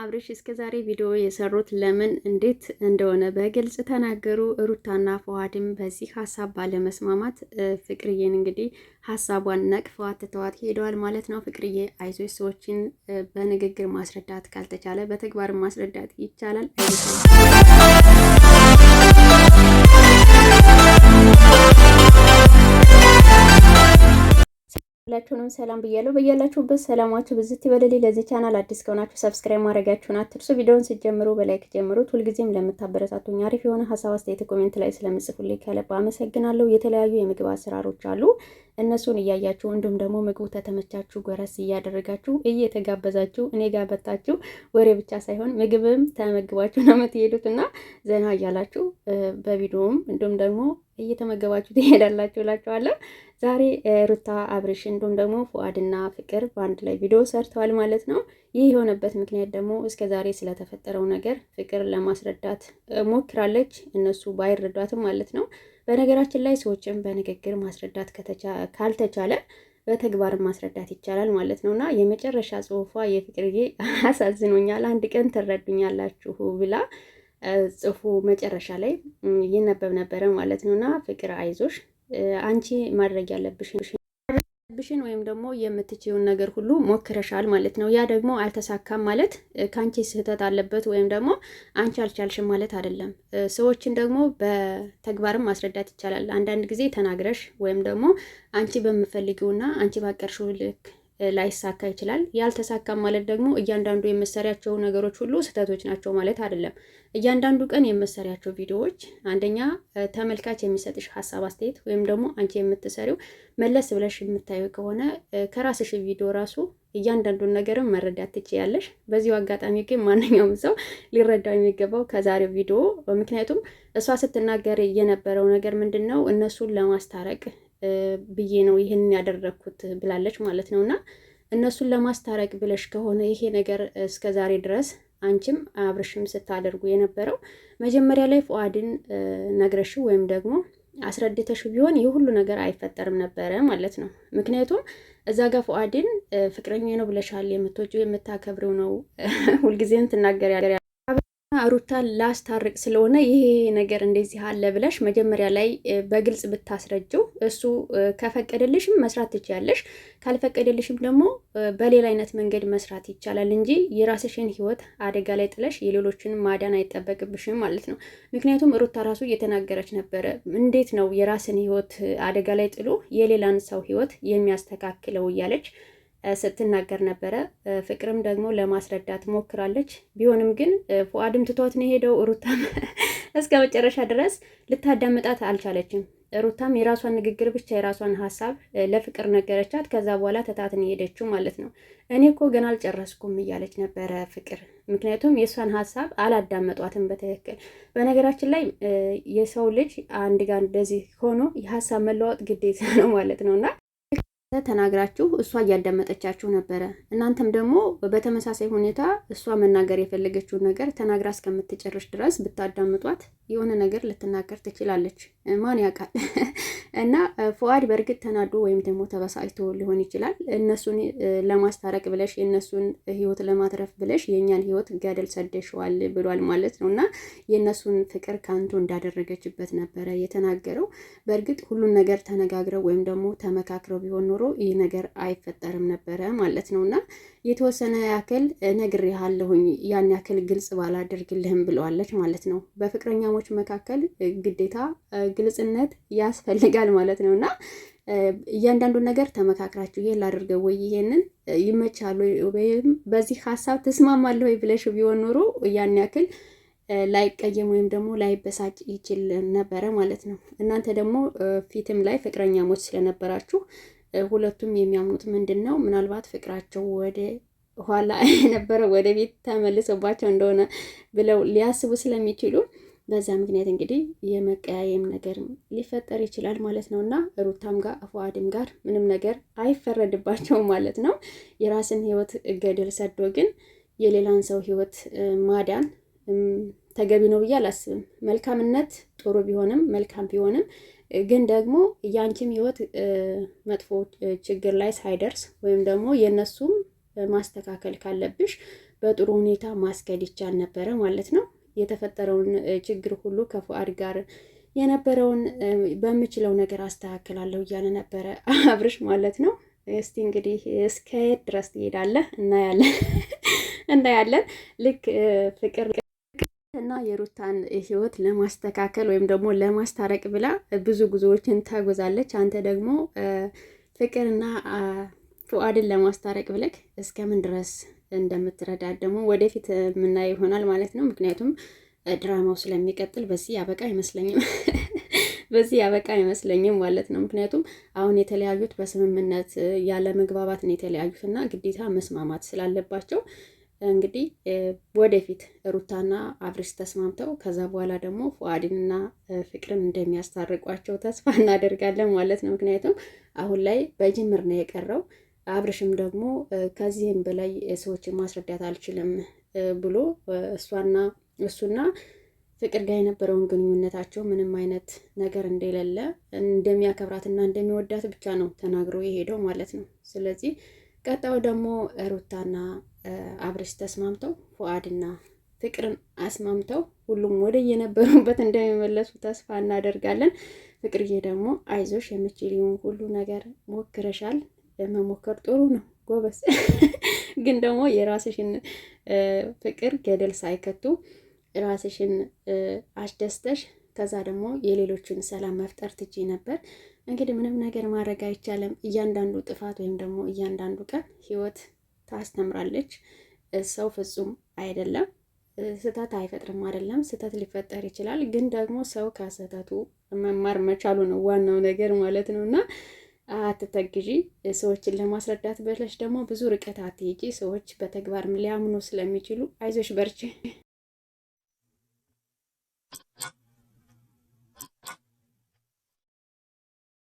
አብርሽ እስከ ዛሬ ቪዲዮ የሰሩት ለምን እንዴት እንደሆነ በግልጽ ተናገሩ። ሩታና ፈዋድም በዚህ ሀሳብ ባለመስማማት ፍቅርዬን እንግዲህ ሀሳቧን ነቅፈዋት ትተዋት ሄደዋል ማለት ነው። ፍቅርዬ አይዞች፣ ሰዎችን በንግግር ማስረዳት ካልተቻለ በተግባር ማስረዳት ይቻላል። ሁላችሁንም ሰላም ብያለሁ። በያላችሁበት ሰላማችሁ ብዝት ይበልልኝ። ለዚህ ቻናል አዲስ ከሆናችሁ ሰብስክራይብ ማድረጋችሁን አትርሱ። ቪዲዮውን ስትጀምሩ በላይክ ጀምሩት። ሁልጊዜም ለምታበረታቱኝ አሪፍ የሆነ ሀሳብ አስተያየት ኮሜንት ላይ ስለምጽፉልኝ ከልብ አመሰግናለሁ። የተለያዩ የምግብ አሰራሮች አሉ እነሱን እያያችሁ እንዲሁም ደግሞ ምግቡ ተተመቻችሁ ጎረስ እያደረጋችሁ እየተጋበዛችሁ እኔ ጋር በታችሁ ወሬ ብቻ ሳይሆን ምግብም ተመግባችሁ ነው የምትሄዱት እና ዘና እያላችሁ በቪዲዮም እንዲሁም ደግሞ እየተመገባችሁ ትሄዳላችሁ እላችኋለሁ። ዛሬ ሩታ አብርሽ እንዲሁም ደግሞ ፉአድና ፍቅር በአንድ ላይ ቪዲዮ ሰርተዋል ማለት ነው። ይህ የሆነበት ምክንያት ደግሞ እስከ ዛሬ ስለተፈጠረው ነገር ፍቅር ለማስረዳት ሞክራለች፣ እነሱ ባይረዷትም ማለት ነው በነገራችን ላይ ሰዎችን በንግግር ማስረዳት ካልተቻለ በተግባር ማስረዳት ይቻላል ማለት ነው እና የመጨረሻ ጽሁፏ የፍቅርዬ አሳዝኖኛል፣ አንድ ቀን ትረዱኛላችሁ ብላ ጽሁፉ መጨረሻ ላይ ይነበብ ነበረ ማለት ነው እና ፍቅር አይዞሽ አንቺ ማድረግ ያለብሽ ያለብሽን ወይም ደግሞ የምትችውን ነገር ሁሉ ሞክረሻል ማለት ነው። ያ ደግሞ አልተሳካም ማለት ከአንቺ ስህተት አለበት ወይም ደግሞ አንቺ አልቻልሽም ማለት አይደለም። ሰዎችን ደግሞ በተግባርም ማስረዳት ይቻላል። አንዳንድ ጊዜ ተናግረሽ ወይም ደግሞ አንቺ በምፈልጊውና አንቺ ባቀርሽው ልክ ላይሳካ ይችላል። ያልተሳካም ማለት ደግሞ እያንዳንዱ የመሰሪያቸው ነገሮች ሁሉ ስህተቶች ናቸው ማለት አይደለም። እያንዳንዱ ቀን የመሰሪያቸው ቪዲዮዎች አንደኛ ተመልካች የሚሰጥሽ ሀሳብ አስተያየት፣ ወይም ደግሞ አንቺ የምትሰሪው መለስ ብለሽ የምታየው ከሆነ ከራስሽ ቪዲዮ ራሱ እያንዳንዱን ነገርም መረዳት ትችያለሽ። በዚሁ አጋጣሚ ግን ማንኛውም ሰው ሊረዳው የሚገባው ከዛሬው ቪዲዮ፣ ምክንያቱም እሷ ስትናገር የነበረው ነገር ምንድን ነው እነሱን ለማስታረቅ ብዬ ነው ይህን ያደረግኩት ብላለች ማለት ነው። እና እነሱን ለማስታረቅ ብለሽ ከሆነ ይሄ ነገር እስከ ዛሬ ድረስ አንቺም አብርሽም ስታደርጉ የነበረው መጀመሪያ ላይ ፍዋድን ነግረሽው ወይም ደግሞ አስረድተሽው ቢሆን ይህ ሁሉ ነገር አይፈጠርም ነበረ ማለት ነው። ምክንያቱም እዛ ጋር ፍዋድን ፍቅረኛ ነው ብለሻል፣ የምትወጪው የምታከብሪው ነው ሁልጊዜም ትናገር ሩታን ላስታርቅ ስለሆነ ይሄ ነገር እንደዚህ አለ ብለሽ መጀመሪያ ላይ በግልጽ ብታስረጅው እሱ ከፈቀደልሽም መስራት ትችያለሽ፣ ካልፈቀደልሽም ደግሞ በሌላ አይነት መንገድ መስራት ይቻላል እንጂ የራስሽን ህይወት አደጋ ላይ ጥለሽ የሌሎችን ማዳን አይጠበቅብሽም ማለት ነው። ምክንያቱም ሩታ ራሱ እየተናገረች ነበረ። እንዴት ነው የራስን ህይወት አደጋ ላይ ጥሎ የሌላን ሰው ህይወት የሚያስተካክለው እያለች ስትናገር ነበረ። ፍቅርም ደግሞ ለማስረዳት ሞክራለች። ቢሆንም ግን ፉአድም ትቷት ነው የሄደው። ሩታም እስከ መጨረሻ ድረስ ልታዳምጣት አልቻለችም። ሩታም የራሷን ንግግር ብቻ የራሷን ሀሳብ ለፍቅር ነገረቻት። ከዛ በኋላ ትታትን የሄደችው ማለት ነው። እኔ እኮ ገና አልጨረስኩም እያለች ነበረ ፍቅር። ምክንያቱም የእሷን ሀሳብ አላዳመጧትም በትክክል። በነገራችን ላይ የሰው ልጅ አንድ ጋር እንደዚህ ሆኖ የሀሳብ መለዋወጥ ግዴታ ነው ማለት ነው እና ተናግራችሁ እሷ እያዳመጠቻችሁ ነበረ። እናንተም ደግሞ በተመሳሳይ ሁኔታ እሷ መናገር የፈለገችውን ነገር ተናግራ እስከምትጨርሽ ድረስ ብታዳምጧት የሆነ ነገር ልትናገር ትችላለች፣ ማን ያውቃል። እና ፉአድ በእርግጥ ተናዶ ወይም ደግሞ ተበሳጭቶ ሊሆን ይችላል። እነሱን ለማስታረቅ ብለሽ የእነሱን ህይወት ለማትረፍ ብለሽ የእኛን ህይወት ገደል ሰደሸዋል ብሏል ማለት ነው። እና የእነሱን ፍቅር ከንቱ እንዳደረገችበት ነበረ የተናገረው። በእርግጥ ሁሉን ነገር ተነጋግረው ወይም ደግሞ ተመካክረው ቢሆን ኖሮ ይህ ነገር አይፈጠርም ነበረ ማለት ነው። እና የተወሰነ ያክል ነግሬሃለሁኝ ያን ያክል ግልጽ ባላደርግልህም ብለዋለች ማለት ነው በፍቅረኛ ሰዎች መካከል ግዴታ ግልጽነት ያስፈልጋል ማለት ነው እና እያንዳንዱን ነገር ተመካክራችሁ ይሄን ላድርገው ወይ ይሄንን ይመቻሉ ወይም በዚህ ሀሳብ ተስማማለ ወይ ብለሽ ቢሆን ኖሮ ያን ያክል ላይቀየም ወይም ደግሞ ላይበሳጭ ይችል ነበረ ማለት ነው። እናንተ ደግሞ ፊትም ላይ ፍቅረኛሞች ስለነበራችሁ ሁለቱም የሚያምኑት ምንድን ነው ምናልባት ፍቅራቸው ወደ ኋላ የነበረ ወደ ቤት ተመልሰባቸው እንደሆነ ብለው ሊያስቡ ስለሚችሉ በዛ ምክንያት እንግዲህ የመቀያየም ነገር ሊፈጠር ይችላል ማለት ነው እና ሩታም ጋር ፉአድም ጋር ምንም ነገር አይፈረድባቸውም ማለት ነው። የራስን ህይወት ገደል ሰዶ ግን የሌላን ሰው ህይወት ማዳን ተገቢ ነው ብዬ አላስብም። መልካምነት ጥሩ ቢሆንም መልካም ቢሆንም ግን ደግሞ የአንቺም ህይወት መጥፎ ችግር ላይ ሳይደርስ ወይም ደግሞ የእነሱም ማስተካከል ካለብሽ በጥሩ ሁኔታ ማስገድ ይቻል ነበረ ማለት ነው። የተፈጠረውን ችግር ሁሉ ከፉአድ ጋር የነበረውን በምችለው ነገር አስተካክላለሁ እያለ ነበረ አብርሽ ማለት ነው። እስቲ እንግዲህ እስከ የት ድረስ ትሄዳለህ? እናያለን እናያለን። ልክ ፍቅር እና የሩታን ህይወት ለማስተካከል ወይም ደግሞ ለማስታረቅ ብላ ብዙ ጉዞዎችን ታጎዛለች። አንተ ደግሞ ፍቅርና ፉአድን ለማስታረቅ ብለክ እስከምን ድረስ እንደምትረዳ ደግሞ ወደፊት የምናየው ይሆናል ማለት ነው። ምክንያቱም ድራማው ስለሚቀጥል በዚህ ያበቃ አይመስለኝም በዚህ ያበቃ አይመስለኝም ማለት ነው። ምክንያቱም አሁን የተለያዩት በስምምነት ያለ መግባባት ነው የተለያዩት እና ግዴታ መስማማት ስላለባቸው እንግዲህ ወደፊት ሩታና አብሪስ ተስማምተው ከዛ በኋላ ደግሞ ፉአድንና ፍቅርን እንደሚያስታርቋቸው ተስፋ እናደርጋለን ማለት ነው። ምክንያቱም አሁን ላይ በጅምር ነው የቀረው። አብርሽም ደግሞ ከዚህም በላይ ሰዎችን ማስረዳት አልችልም ብሎ እሷና እሱና ፍቅር ጋር የነበረውን ግንኙነታቸው ምንም አይነት ነገር እንደሌለ እንደሚያከብራትና እንደሚወዳት ብቻ ነው ተናግሮ የሄደው ማለት ነው። ስለዚህ ቀጣው ደግሞ ሩታና አብርሽ ተስማምተው ፉአድና ፍቅርን አስማምተው ሁሉም ወደ የነበሩበት እንደሚመለሱ ተስፋ እናደርጋለን። ፍቅርዬ ደግሞ አይዞሽ የምችል ሁሉ ነገር ሞክረሻል መሞከር ጥሩ ነው ጎበስ። ግን ደግሞ የራስሽን ፍቅር ገደል ሳይከቱ ራስሽን አስደስተሽ ከዛ ደግሞ የሌሎችን ሰላም መፍጠር ትጂ ነበር። እንግዲህ ምንም ነገር ማድረግ አይቻልም። እያንዳንዱ ጥፋት ወይም ደግሞ እያንዳንዱ ቀን ህይወት ታስተምራለች። ሰው ፍጹም አይደለም፣ ስህተት አይፈጥርም አይደለም። ስህተት ሊፈጠር ይችላል፣ ግን ደግሞ ሰው ከስህተቱ መማር መቻሉ ነው ዋናው ነገር ማለት ነው እና አትተግዢ። ሰዎችን ለማስረዳት ብለሽ ደግሞ ብዙ ርቀት አትሄጂ። ሰዎች በተግባር ሊያምኑ ስለሚችሉ አይዞሽ በርቺ